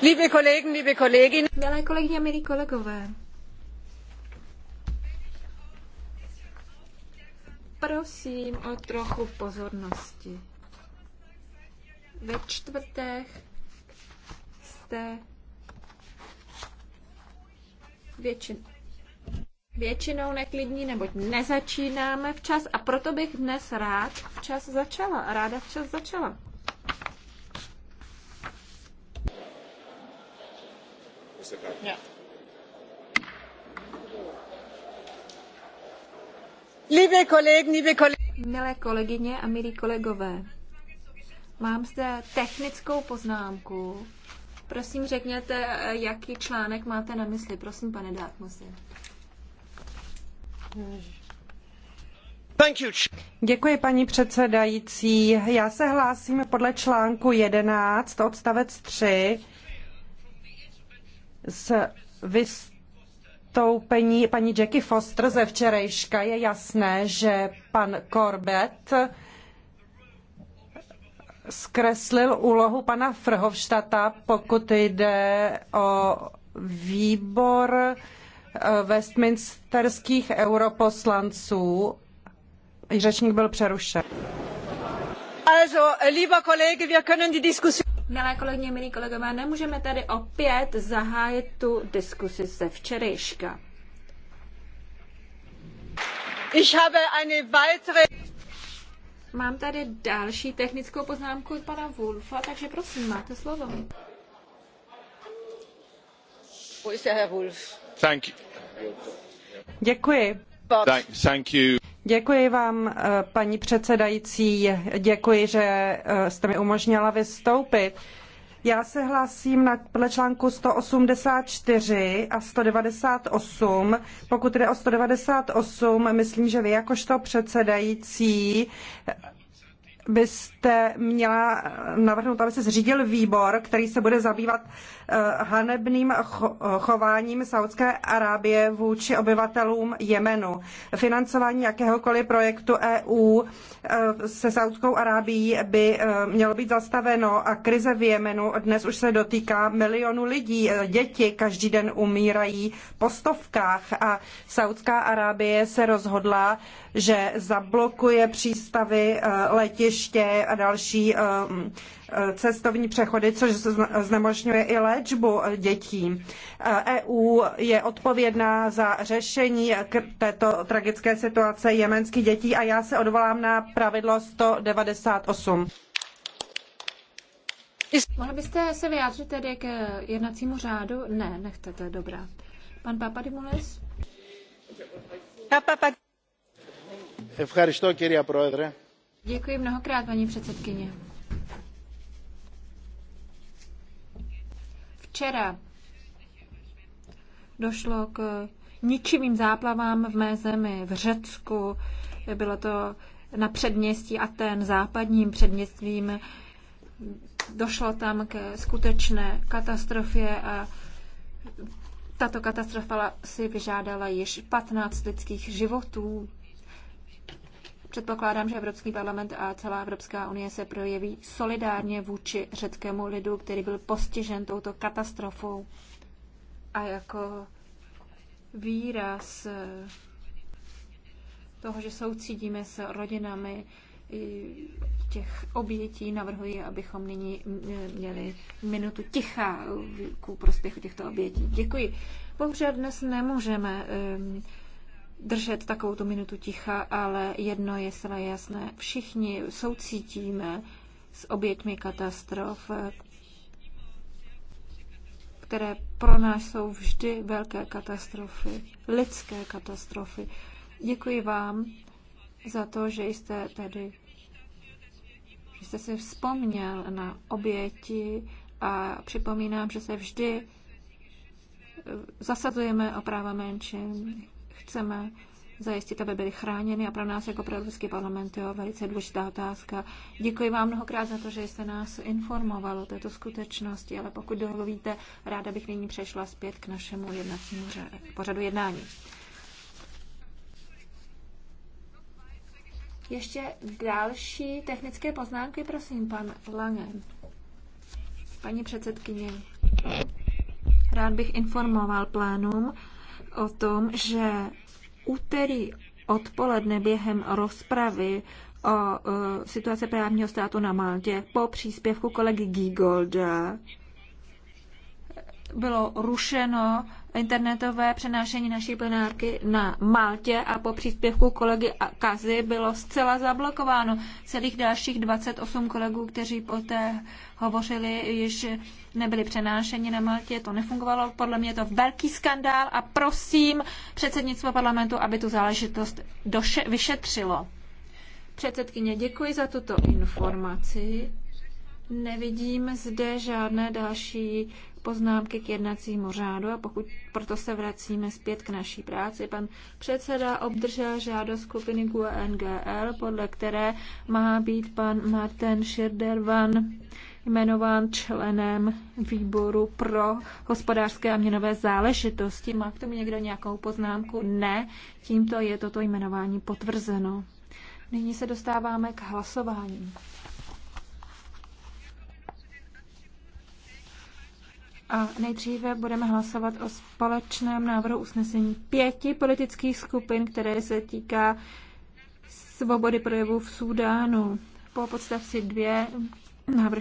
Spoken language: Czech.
Liebe Kollegen, liebe Kolleginnen. Milé kolegyně, milí kolegové. Prosím o trochu pozornosti. Ve čtvrtech jste většin, většinou neklidní, neboť nezačínáme včas a proto bych dnes rád včas začala, ráda včas začala. se tak. Yeah. Liebe Kollegen, liebe Kollegen. Milé kolegyně a milí kolegové, mám zde technickou poznámku. Prosím, řekněte, jaký článek máte na mysli. Prosím, pane Dátmusi. Děkuji, paní předsedající. Já se hlásím podle článku 11, odstavec 3 z vystoupení paní Jackie Foster ze včerejška je jasné, že pan Corbett zkreslil úlohu pana Frhovštata, pokud jde o výbor eh, westminsterských europoslanců. Řečník byl přerušen. Also, eh, lieber Kollege, wir können die Diskussion... Milé kolegyně, milí kolegové, nemůžeme tady opět zahájit tu diskusi ze včerejška. Ich habe eine weitere... Mám tady další technickou poznámku od pana Wolfa, takže prosím, máte slovo. Wo ist der Herr Wolf? Thank you. Děkuji. Thank you. Děkuji vám, eh, paní předsedající, děkuji, že eh, jste mi umožnila vystoupit. Já se hlásím na, podle článku 184 a 198. Pokud jde o 198, myslím, že vy jakožto předsedající byste měla navrhnout, aby se zřídil výbor, který se bude zabývat eh, hanebným chováním Saudské Arábie vůči obyvatelům Jemenu. Financování jakéhokoliv projektu EU eh, se Saudskou Arábií by eh, mělo být zastaveno a krize v Jemenu dnes už se dotýká milionů lidí. Děti každý den umírají po stovkách a Saudská Arábie se rozhodla, že zablokuje přístavy letišť letiště a další eh, mm, eh, cestovní přechody, což znemožňuje i léčbu eh, dětí. EU e je odpovědná za řešení této tragické situace jemenských dětí a já se odvolám na pravidlo 198. Mohla byste se vyjádřit tedy k jednacímu řádu? Ne, nechte je dobrá. Pan Papadimules? Papa, Ευχαριστώ κυρία Πρόεδρε. Děkuji mnohokrát, paní předsedkyně. Včera došlo k ničivým záplavám v mé zemi, v Řecku. Bylo to na předměstí Aten, západním předměstvím Došlo tam ke skutečné katastrofě a tato katastrofa si vyžádala již 15 lidských životů. Předpokládám, že Evropský parlament a celá Evropská unie se projeví solidárně vůči řeckému lidu, který byl postižen touto katastrofou. A jako výraz eh, toho, že soucídíme se rodinami těch obětí, navrhuji, abychom nyní měli minutu ticha ku prospěchu těchto obětí. Děkuji. Bohužel dnes nemůžeme eh, držet takovou tu minutu ticha, ale jedno je zcela jasné. Všichni soucítíme s oběťmi katastrof, které pro nás jsou vždy velké katastrofy, lidské katastrofy. Děkuji vám za to, že jste tedy, že jste si vzpomněl na oběti a připomínám, že se vždy eh, zasadujeme o práva menšin chceme zajistit, aby byly chráněny a pro nás jako pro Evropský parlament je velice důležitá otázka. Děkuji vám mnohokrát za to, že jste nás informovalo o této skutečnosti, ale pokud dovolíte, ráda bych nyní přešla zpět k našemu jednacímu pořadu jednání. Ještě další technické poznámky, prosím, pan Langen. Paní předsedkyně, rád bych informoval plénum, o tom, že úterý odpoledne během rozpravy o uh, e, situaci právního státu na Maltě po příspěvku kolegy Gigolda bylo rušeno internetové přenášení naší plenárky na Maltě a po příspěvku kolegy Kazy bylo zcela zablokováno. Celých dalších 28 kolegů, kteří poté hovořili, již nebyli přenášeni na Maltě. To nefungovalo. Podle mě je to velký skandál a prosím předsednictvo parlamentu, aby tu záležitost doše- vyšetřilo. Předsedkyně, děkuji za tuto informaci. Nevidím zde žádné další poznámky k jednacímu řádu a pokud proto se vracíme zpět k naší práci. Pan předseda obdržel žádost skupiny GUNGL, e podle které má být pan Martin Schirdervan jmenován členem výboru pro hospodářské a měnové záležitosti. Má k tomu někdo nějakou poznámku? Ne. Tímto je toto jmenování potvrzeno. Nyní se dostáváme k hlasování. A nejdříve budeme hlasovat o společném návrhu usnesení pěti politických skupin, které se týká svobody projevu v Súdánu. Po podstavci dvě návrh